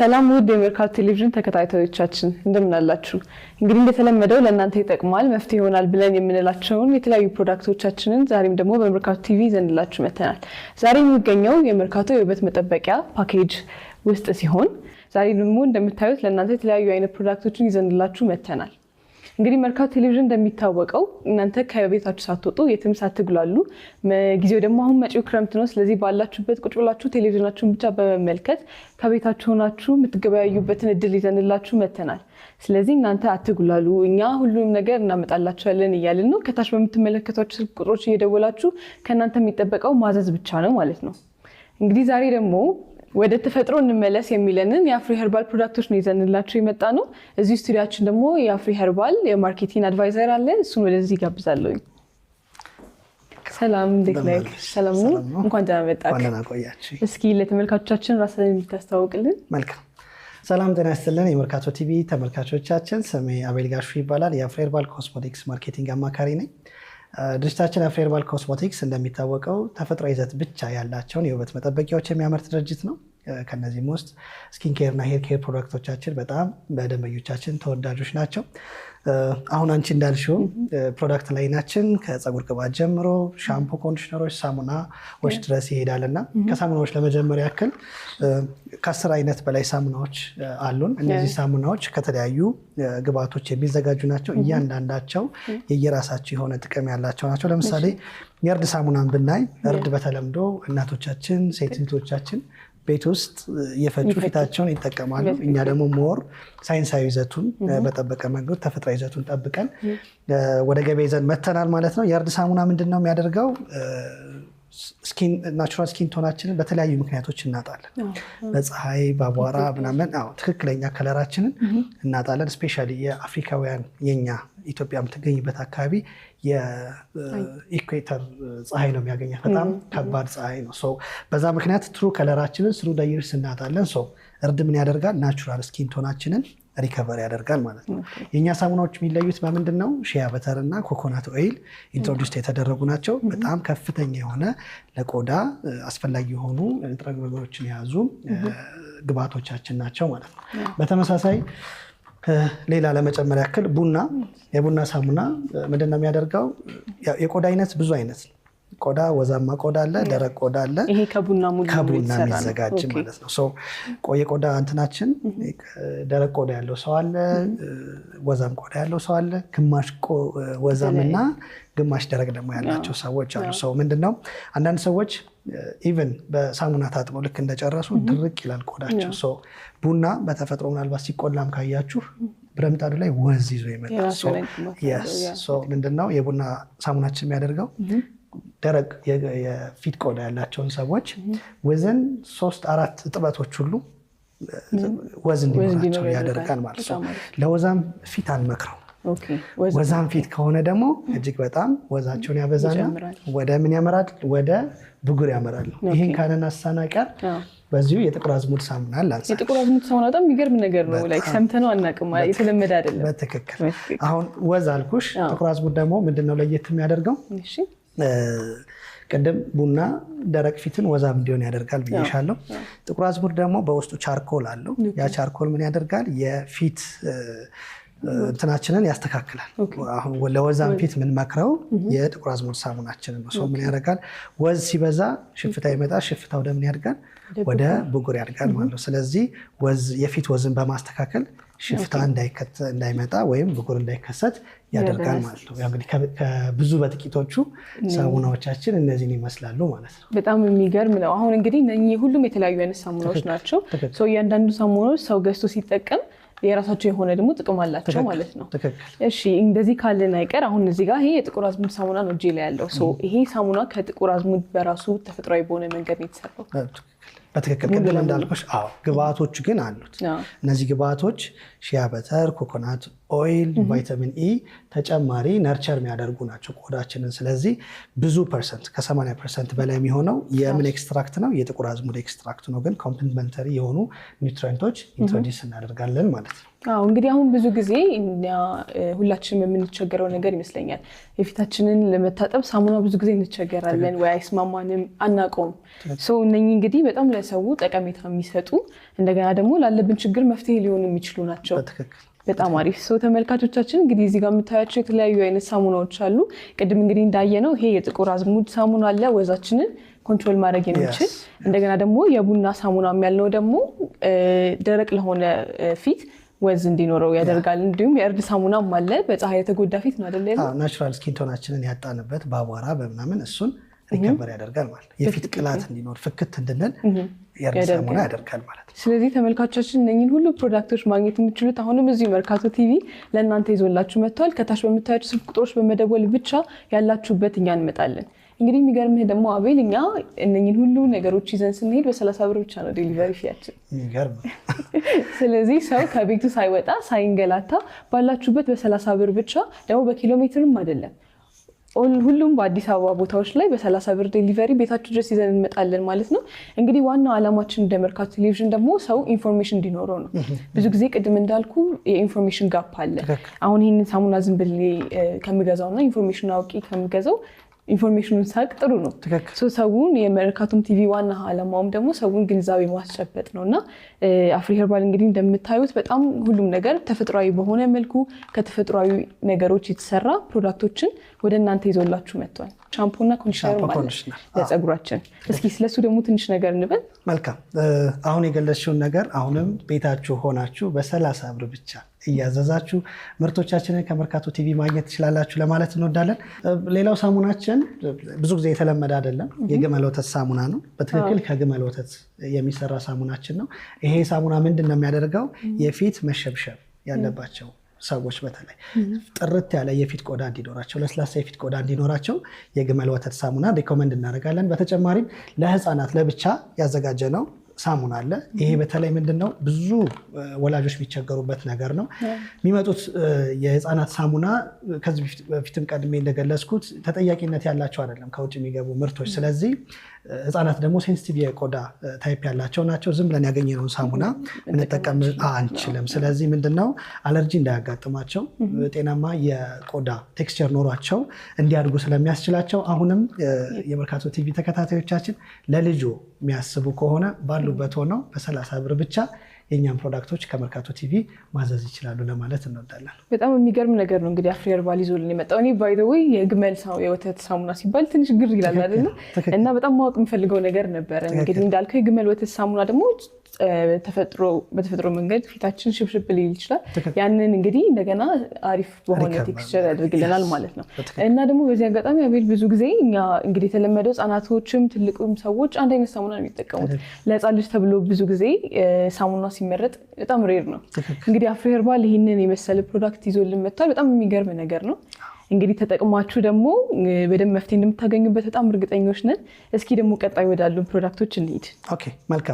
ሰላም ውድ የሜርካቶ ቴሌቪዥን ተከታታዮቻችን እንደምን አላችሁ? እንግዲህ እንደተለመደው ለእናንተ ይጠቅማል፣ መፍትሄ ይሆናል ብለን የምንላቸውን የተለያዩ ፕሮዳክቶቻችንን ዛሬም ደግሞ በሜርካቶ ቲቪ ይዘንላችሁ መተናል። ዛሬ የሚገኘው የሜርካቶ የውበት መጠበቂያ ፓኬጅ ውስጥ ሲሆን ዛሬ ደግሞ እንደምታዩት ለእናንተ የተለያዩ አይነት ፕሮዳክቶችን ይዘንላችሁ መተናል። እንግዲህ መርካቶ ቴሌቪዥን እንደሚታወቀው እናንተ ከቤታችሁ ሳትወጡ የትም ሳትጉላሉ፣ ጊዜው ደግሞ አሁን መጪው ክረምት ነው። ስለዚህ ባላችሁበት ቁጭ ብላችሁ ቴሌቪዥናችሁን ብቻ በመመልከት ከቤታችሁ ሆናችሁ የምትገበያዩበትን እድል ይዘንላችሁ መተናል። ስለዚህ እናንተ አትጉላሉ፣ እኛ ሁሉንም ነገር እናመጣላችኋለን እያልን ነው። ከታች በምትመለከቷቸው ስልክ ቁጥሮች እየደወላችሁ ከእናንተ የሚጠበቀው ማዘዝ ብቻ ነው ማለት ነው። እንግዲህ ዛሬ ደግሞ ወደ ተፈጥሮ እንመለስ የሚለንን የአፍሪ ሄርባል ፕሮዳክቶች ነው ይዘንላቸው የመጣ ነው። እዚህ ስቱዲያችን ደግሞ የአፍሪ ሄርባል የማርኬቲንግ አድቫይዘር አለ። እሱን ወደዚህ ጋብዛለሁ። ሰላም፣ እንዴት ነህ? ሰላም ነው። እንኳን ደህና መጣህ። እስኪ ለተመልካቾቻችን ራስህን የምታስተዋውቅልን። መልካም ሰላም ጤና ይስጥልን የመርካቶ ቲቪ ተመልካቾቻችን፣ ስሜ አቤል ጋሹ ይባላል። የአፍሪ ኮስሞቲክስ ማርኬቲንግ አማካሪ ነኝ። ድርጅታችን አፍሬርባል ኮስሞቲክስ እንደሚታወቀው ተፈጥሮ ይዘት ብቻ ያላቸውን የውበት መጠበቂያዎች የሚያመርት ድርጅት ነው። ከነዚህም ውስጥ ስኪን ኬር እና ሄር ኬር ፕሮዳክቶቻችን በጣም በደንበኞቻችን ተወዳጆች ናቸው። አሁን አንቺ እንዳልሽው ፕሮዳክት ላይናችን ከፀጉር ቅባት ጀምሮ ሻምፖ፣ ኮንዲሽነሮች፣ ሳሙናዎች ድረስ ይሄዳል እና ከሳሙናዎች ለመጀመሪያ ያክል ከአስር አይነት በላይ ሳሙናዎች አሉን። እነዚህ ሳሙናዎች ከተለያዩ ግብዓቶች የሚዘጋጁ ናቸው። እያንዳንዳቸው የየራሳቸው የሆነ ጥቅም ያላቸው ናቸው። ለምሳሌ የእርድ ሳሙናን ብናይ እርድ በተለምዶ እናቶቻችን ሴት እህቶቻችን ቤት ውስጥ የፈጩ ፊታቸውን ይጠቀማሉ። እኛ ደግሞ ሞር ሳይንሳዊ ይዘቱን በጠበቀ መንገድ ተፈጥሯዊ ይዘቱን ጠብቀን ወደ ገበያ ይዘን መተናል ማለት ነው። የእርድ ሳሙና ምንድን ነው የሚያደርገው? ስኪን ናቹራል ስኪን ቶናችንን በተለያዩ ምክንያቶች እናጣለን። በፀሐይ በአቧራ ምናምን ትክክለኛ ከለራችንን እናጣለን። ስፔሻሊ የአፍሪካውያን የኛ ኢትዮጵያ የምትገኝበት አካባቢ የኢኩዌተር ፀሐይ ነው የሚያገኛት። በጣም ከባድ ፀሐይ ነው። በዛ ምክንያት ትሩ ከለራችንን ስሩ ዳይርስ እናጣለን። እርድ ምን ያደርጋል ናቹራል ስኪን ቶናችንን ሪከቨር ያደርጋል ማለት ነው። የእኛ ሳሙናዎች የሚለዩት በምንድን ነው? ሺያ በተር እና ኮኮናት ኦይል ኢንትሮዲስ የተደረጉ ናቸው። mm-hmm. በጣም ከፍተኛ የሆነ ለቆዳ አስፈላጊ የሆኑ ንጥረ ነገሮችን የያዙ mm-hmm. ግብዓቶቻችን ናቸው ማለት ነው። በተመሳሳይ ሌላ ለመጨመር ያክል ቡና mm-hmm. የቡና ሳሙና ምንድን ነው የሚያደርገው? የቆዳ አይነት ብዙ አይነት ነው ቆዳ፣ ወዛማ ቆዳ አለ፣ ደረቅ ቆዳ አለ። ይሄ ከቡና ሙሉ ከቡና የሚዘጋጅ ማለት ነው። ቆዳ እንትናችን ደረቅ ቆዳ ያለው ሰው አለ፣ ወዛም ቆዳ ያለው ሰው አለ። ግማሽ ወዛም እና ግማሽ ደረቅ ደግሞ ያላቸው ሰዎች አሉ። ሰው ምንድን ነው አንዳንድ ሰዎች ኢቨን በሳሙና ታጥበው ልክ እንደጨረሱ ድርቅ ይላል ቆዳቸው። ሰው ቡና በተፈጥሮ ምናልባት ሲቆላም ካያችሁ ብረምጣዱ ላይ ወዝ ይዞ ይመጣል። ምንድነው የቡና ሳሙናችን የሚያደርገው ደረቅ የፊት ቆዳ ያላቸውን ሰዎች ወዘን ሶስት አራት እጥበቶች ሁሉ ወዝን እንዲኖራቸው ያደርጋል ማለት ነው። ለወዛም ፊት አንመክረው። ወዛም ፊት ከሆነ ደግሞ እጅግ በጣም ወዛቸውን ያበዛና ወደ ምን ያመራል? ወደ ብጉር ያመራል። ይህን ካለናሳና ቀር በዚሁ የጥቁር አዝሙድ ሳሙና ላንሳ። የጥቁር አዝሙድ ሳሙና በጣም የሚገርም ነገር ነው። ላይ ሰምተነው አናውቅም፣ የተለመደ አይደለም። በትክክል አሁን ወዝ አልኩሽ። ጥቁር አዝሙድ ደግሞ ምንድን ነው ለየት የሚያደርገው? ቅድም ቡና ደረቅ ፊትን ወዛም እንዲሆን ያደርጋል ብዬሻለሁ። ጥቁር አዝሙድ ደግሞ በውስጡ ቻርኮል አለው። ያ ቻርኮል ምን ያደርጋል? የፊት እንትናችንን ያስተካክላል። አሁን ለወዛም ፊት የምንመክረው የጥቁር አዝሙድ ሳሙናችንን ነው። ሰው ምን ያደርጋል? ወዝ ሲበዛ ሽፍታ ይመጣል። ሽፍታ ወደ ምን ያድጋል? ወደ ብጉር ያድጋል ማለት ነው። ስለዚህ የፊት ወዝን በማስተካከል ሽፍታ እንዳይመጣ ወይም ብጉር እንዳይከሰት ያደርጋል ማለት ነው። እንግዲህ ከብዙ በጥቂቶቹ ሳሙናዎቻችን እነዚህን ይመስላሉ ማለት ነው። በጣም የሚገርም ነው። አሁን እንግዲህ እኚህ ሁሉም የተለያዩ አይነት ሳሙናዎች ናቸው። እያንዳንዱ ሳሙናዎች ሰው ገዝቶ ሲጠቀም የራሳቸው የሆነ ደግሞ ጥቅም አላቸው ማለት ነው። እሺ እንደዚህ ካለን አይቀር አሁን እዚህ ጋር ይሄ የጥቁር አዝሙድ ሳሙና ነው እጄ ላይ ያለው። ይሄ ሳሙና ከጥቁር አዝሙድ በራሱ ተፈጥሯዊ በሆነ መንገድ ነው የተሰራው። በትክክል ቅድም እንዳልኩሽ ግብአቶች ግን አሉት። እነዚህ ግብአቶች ሺያ በተር፣ ኮኮናት ኦይል፣ ቫይታሚን ኢ ተጨማሪ ነርቸር የሚያደርጉ ናቸው ቆዳችንን። ስለዚህ ብዙ ፐርሰንት ከ80 ፐርሰንት በላይ የሚሆነው የምን ኤክስትራክት ነው? የጥቁር አዝሙድ ኤክስትራክት ነው። ግን ኮምፕሊመንተሪ የሆኑ ኒውትሪንቶች ኢንትሮዲስ እናደርጋለን ማለት ነው። እንግዲህ አሁን ብዙ ጊዜ ሁላችንም የምንቸገረው ነገር ይመስለኛል የፊታችንን ለመታጠብ ሳሙና ብዙ ጊዜ እንቸገራለን፣ ወይ አይስማማንም፣ አናውቀውም። እነኚህ እንግዲህ በጣም ለሰው ጠቀሜታ የሚሰጡ እንደገና ደግሞ ላለብን ችግር መፍትሄ ሊሆኑ የሚችሉ ናቸው። በጣም አሪፍ ሰው ተመልካቾቻችን፣ እንግዲህ እዚህ ጋር የምታያቸው የተለያዩ አይነት ሳሙናዎች አሉ። ቅድም እንግዲህ እንዳየነው ይሄ የጥቁር አዝሙድ ሳሙና አለ፣ ወዛችንን ኮንትሮል ማድረግ የሚችል እንደገና ደግሞ የቡና ሳሙና ያልነው ደግሞ ደረቅ ለሆነ ፊት ወዝ እንዲኖረው ያደርጋል። እንዲሁም የእርድ ሳሙናም አለ፣ በፀሐይ የተጎዳ ፊት ነው አደለ? ናቹራል ስኪንቶናችንን ያጣንበት በአቧራ በምናምን እሱን ሪከበር ያደርጋል ማለት የፊት ቅላት እንዲኖር ፍክት እንድንል የእርድ ያደርጋል ማለት ነው። ስለዚህ ተመልካቾችን እነኝን ሁሉ ፕሮዳክቶች ማግኘት የምችሉት አሁንም እዚሁ መርካቶ ቲቪ ለእናንተ ይዞላችሁ መጥተዋል። ከታች በምታያቸው ስልክ ቁጥሮች በመደወል ብቻ ያላችሁበት እኛ እንመጣለን። እንግዲህ የሚገርምህ ደግሞ አቤል እኛ እነኝን ሁሉ ነገሮች ይዘን ስንሄድ በሰላሳ ብር ብቻ ነው ዴሊቨሪ ፊያችን። ስለዚህ ሰው ከቤቱ ሳይወጣ ሳይንገላታ ባላችሁበት በሰላሳ ብር ብቻ ደግሞ በኪሎ ሜትርም አይደለም ሁሉም በአዲስ አበባ ቦታዎች ላይ በሰላሳ ብር ዴሊቨሪ ቤታችሁ ድረስ ይዘን እንመጣለን ማለት ነው። እንግዲህ ዋናው ዓላማችን እንደ መርካቶ ቴሌቪዥን ደግሞ ሰው ኢንፎርሜሽን እንዲኖረው ነው። ብዙ ጊዜ ቅድም እንዳልኩ የኢንፎርሜሽን ጋፕ አለ። አሁን ይህንን ሳሙና ዝም ብሌ ኢንፎርሜሽን አውቂ ከምገዛው ኢንፎርሜሽኑን ሳቅ ጥሩ ነው። ሰውን የመርካቶም ቲቪ ዋና አላማውም ደግሞ ሰውን ግንዛቤ ማስጨበጥ ነው እና አፍሪ ሄርባል እንግዲህ እንደምታዩት በጣም ሁሉም ነገር ተፈጥሯዊ በሆነ መልኩ ከተፈጥሯዊ ነገሮች የተሰራ ፕሮዳክቶችን ወደ እናንተ ይዞላችሁ መጥቷል። ሻምፖና ኮንዲሽነር እስኪ ስለሱ ደግሞ ትንሽ ነገር እንበል። መልካም አሁን የገለጽሽውን ነገር አሁንም ቤታችሁ ሆናችሁ በሰላሳ ብር ብቻ እያዘዛችሁ ምርቶቻችንን ከመርካቶ ቲቪ ማግኘት ትችላላችሁ ለማለት እንወዳለን። ሌላው ሳሙናችን ብዙ ጊዜ የተለመደ አይደለም። የግመል ወተት ሳሙና ነው። በትክክል ከግመል ወተት የሚሰራ ሳሙናችን ነው። ይሄ ሳሙና ምንድን ነው የሚያደርገው? የፊት መሸብሸብ ያለባቸው ሰዎች በተለይ ጥርት ያለ የፊት ቆዳ እንዲኖራቸው ለስላሳ የፊት ቆዳ እንዲኖራቸው የግመል ወተት ሳሙና ሪኮመንድ እናደርጋለን። በተጨማሪም ለህፃናት ለብቻ ያዘጋጀ ነው ሳሙና አለ። ይሄ በተለይ ምንድን ነው ብዙ ወላጆች የሚቸገሩበት ነገር ነው። የሚመጡት የህፃናት ሳሙና ከዚህ በፊትም ቀድሜ እንደገለጽኩት ተጠያቂነት ያላቸው አይደለም ከውጭ የሚገቡ ምርቶች። ስለዚህ ህጻናት ደግሞ ሴንሲቲቭ የቆዳ ታይፕ ያላቸው ናቸው። ዝም ብለን ያገኘነውን ሳሙና ምንጠቀም አንችልም። ስለዚህ ምንድነው አለርጂ እንዳያጋጥማቸው ጤናማ የቆዳ ቴክስቸር ኖሯቸው እንዲያድጉ ስለሚያስችላቸው አሁንም የመርካቶ ቲቪ ተከታታዮቻችን ለልጆ የሚያስቡ ከሆነ ባሉበት ሆነው በሰላሳ ብር ብቻ የእኛን ፕሮዳክቶች ከመርካቶ ቲቪ ማዘዝ ይችላሉ ለማለት እንወዳለን። በጣም የሚገርም ነገር ነው እንግዲህ አፍሪ ሄርባል ይዞልን የመጣው። እኔ ባይ ዘ ወይ የግመል የወተት ሳሙና ሲባል ትንሽ ግር ይላል አይደለ? እና በጣም ማወቅ የምፈልገው ነገር ነበረ። እንግዲህ እንዳልከው የግመል ወተት ሳሙና ደግሞ ተፈጥሮ በተፈጥሮ መንገድ ፊታችን ሽብሽብ ሊል ይችላል። ያንን እንግዲህ እንደገና አሪፍ በሆነ ቴክስቸር ያደርግልናል ማለት ነው። እና ደግሞ በዚህ አጋጣሚ አቤል ብዙ ጊዜ እኛ እንግዲህ የተለመደው ህጻናቶችም ትልቁም ሰዎች አንድ አይነት ሳሙና ነው የሚጠቀሙት። ለህፃን ልጅ ተብሎ ብዙ ጊዜ ሳሙና ሲመረጥ በጣም ሬር ነው። እንግዲህ አፍሪ ሄርባል ይህንን የመሰለ ፕሮዳክት ይዞልን መጥቷል። በጣም የሚገርም ነገር ነው። እንግዲህ ተጠቅማችሁ ደግሞ በደንብ መፍትሄ እንደምታገኙበት በጣም እርግጠኞች ነን። እስኪ ደግሞ ቀጣይ ወዳሉ ፕሮዳክቶች እንሂድ። ኦኬ መልካም።